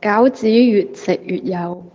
餃子越食越有。